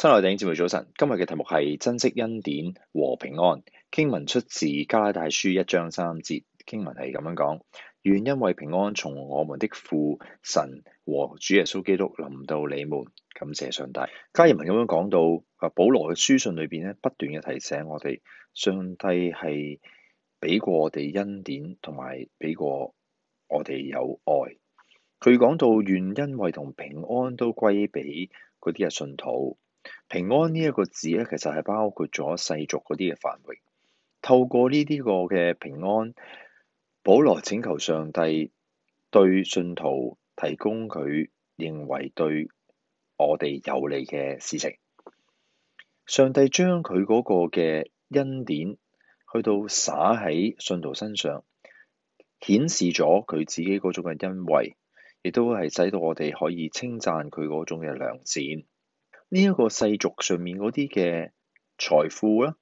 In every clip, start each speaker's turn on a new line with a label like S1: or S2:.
S1: 新來電影節目早晨，今日嘅題目係珍惜恩典和平安，經文出自加拉太書一章三節經文係咁樣講，願恩惠平安從我們的父神和主耶穌基督臨到你們，感謝上帝。加爾文咁樣講到，啊保羅嘅書信裏邊咧不斷嘅提醒我哋，上帝係俾過我哋恩典，同埋俾過我哋有愛。佢講到願恩惠同平安都歸俾嗰啲日信徒。平安呢一個字咧，其實係包括咗世俗嗰啲嘅繁榮。透過呢啲個嘅平安，保羅請求上帝對信徒提供佢認為對我哋有利嘅事情。上帝將佢嗰個嘅恩典去到灑喺信徒身上，顯示咗佢自己嗰種嘅恩惠，亦都係使到我哋可以稱讚佢嗰種嘅良善。呢一個世俗上面嗰啲嘅財富啦，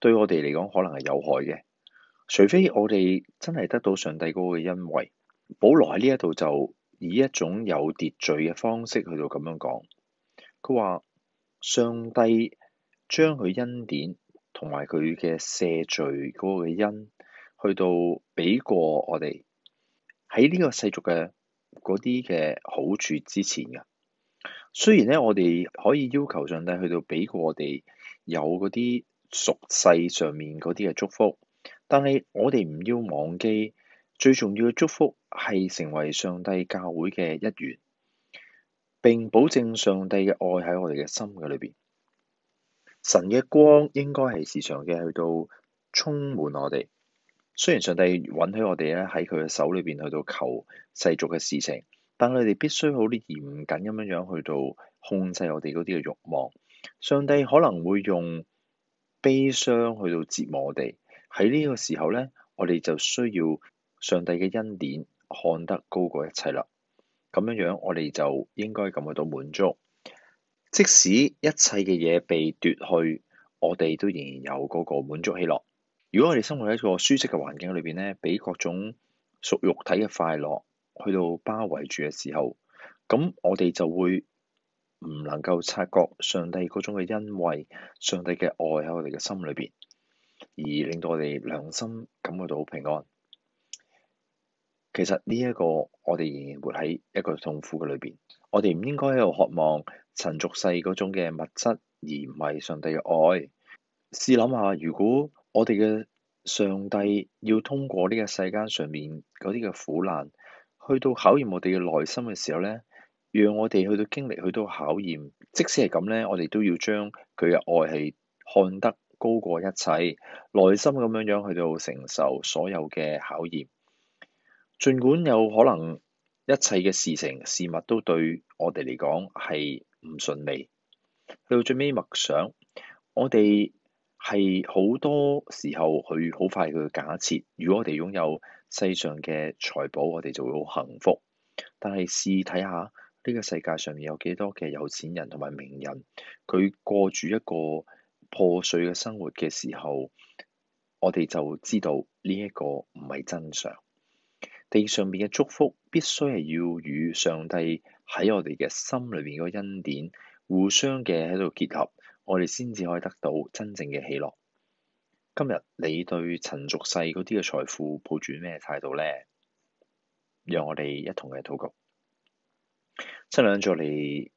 S1: 對我哋嚟講可能係有害嘅，除非我哋真係得到上帝嗰個恩惠。保羅喺呢一度就以一種有秩序嘅方式去到咁樣講，佢話上帝將佢恩典同埋佢嘅赦罪嗰個嘅恩，去到俾過我哋喺呢個世俗嘅嗰啲嘅好處之前㗎。雖然咧，我哋可以要求上帝去到畀過我哋有嗰啲俗世上面嗰啲嘅祝福，但係我哋唔要忘記最重要嘅祝福係成為上帝教會嘅一員，並保證上帝嘅愛喺我哋嘅心嘅裏邊，神嘅光應該係時常嘅去到充滿我哋。雖然上帝允許我哋咧喺佢嘅手裏邊去到求世俗嘅事情。但係，我哋必須好啲嚴謹咁樣樣去到控制我哋嗰啲嘅慾望。上帝可能會用悲傷去到折磨我哋，喺呢個時候咧，我哋就需要上帝嘅恩典看得高過一切啦。咁樣樣，我哋就應該咁去到滿足，即使一切嘅嘢被奪去，我哋都仍然有嗰個滿足喜樂。如果我哋生活喺一個舒適嘅環境裏邊咧，俾各種屬肉體嘅快樂，去到包圍住嘅時候，咁我哋就會唔能夠察覺上帝嗰種嘅恩惠，上帝嘅愛喺我哋嘅心裏邊，而令到我哋良心感覺到平安。其實呢一個我哋仍然活喺一個痛苦嘅裏邊，我哋唔應該喺度渴望塵俗世嗰種嘅物質，而唔係上帝嘅愛。試諗下，如果我哋嘅上帝要通過呢個世間上面嗰啲嘅苦難。去到考驗我哋嘅內心嘅時候咧，讓我哋去到經歷去到考驗，即使係咁咧，我哋都要將佢嘅愛係看得高過一切，內心咁樣樣去到承受所有嘅考驗，儘管有可能一切嘅事情事物都對我哋嚟講係唔順利，去到最尾默想，我哋。係好多時候，佢好快佢假設。如果我哋擁有世上嘅財寶，我哋就會好幸福。但係試睇下呢個世界上面有幾多嘅有錢人同埋名人，佢過住一個破碎嘅生活嘅時候，我哋就知道呢一個唔係真相。地上面嘅祝福必須係要與上帝喺我哋嘅心裏邊嗰個恩典互相嘅喺度結合。我哋先至可以得到真正嘅喜樂。今日你對塵世嗰啲嘅財富抱住咩態度咧？讓我哋一同嘅禱告。親，兩座你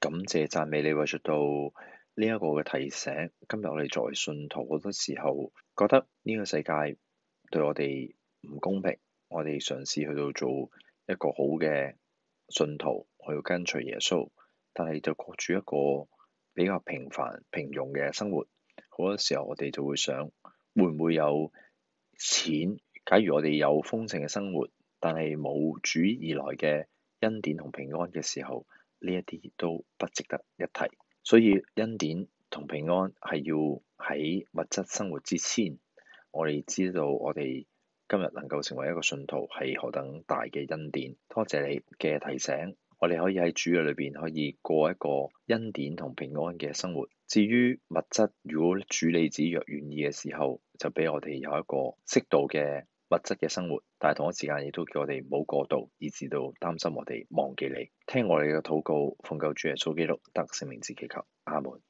S1: 感謝讚美你，為着到呢一個嘅提醒。今日我哋作為信徒，好多時候覺得呢個世界對我哋唔公平。我哋嘗試去到做一個好嘅信徒，我要跟隨耶穌，但係就焗住一個。比較平凡平庸嘅生活，好多時候我哋就會想，會唔會有錢？假如我哋有豐盛嘅生活，但係冇主而來嘅恩典同平安嘅時候，呢一啲都不值得一提。所以恩典同平安係要喺物質生活之前，我哋知道我哋今日能夠成為一個信徒係何等大嘅恩典。多謝你嘅提醒。我哋可以喺主裏邊可以過一個恩典同平安嘅生活。至於物質，如果主你子若願意嘅時候，就畀我哋有一個適度嘅物質嘅生活。但係同一時間亦都叫我哋唔好過度，以致到擔心我哋忘記你。聽我哋嘅禱告，奉救主耶穌基督得聖名之祈求，阿門。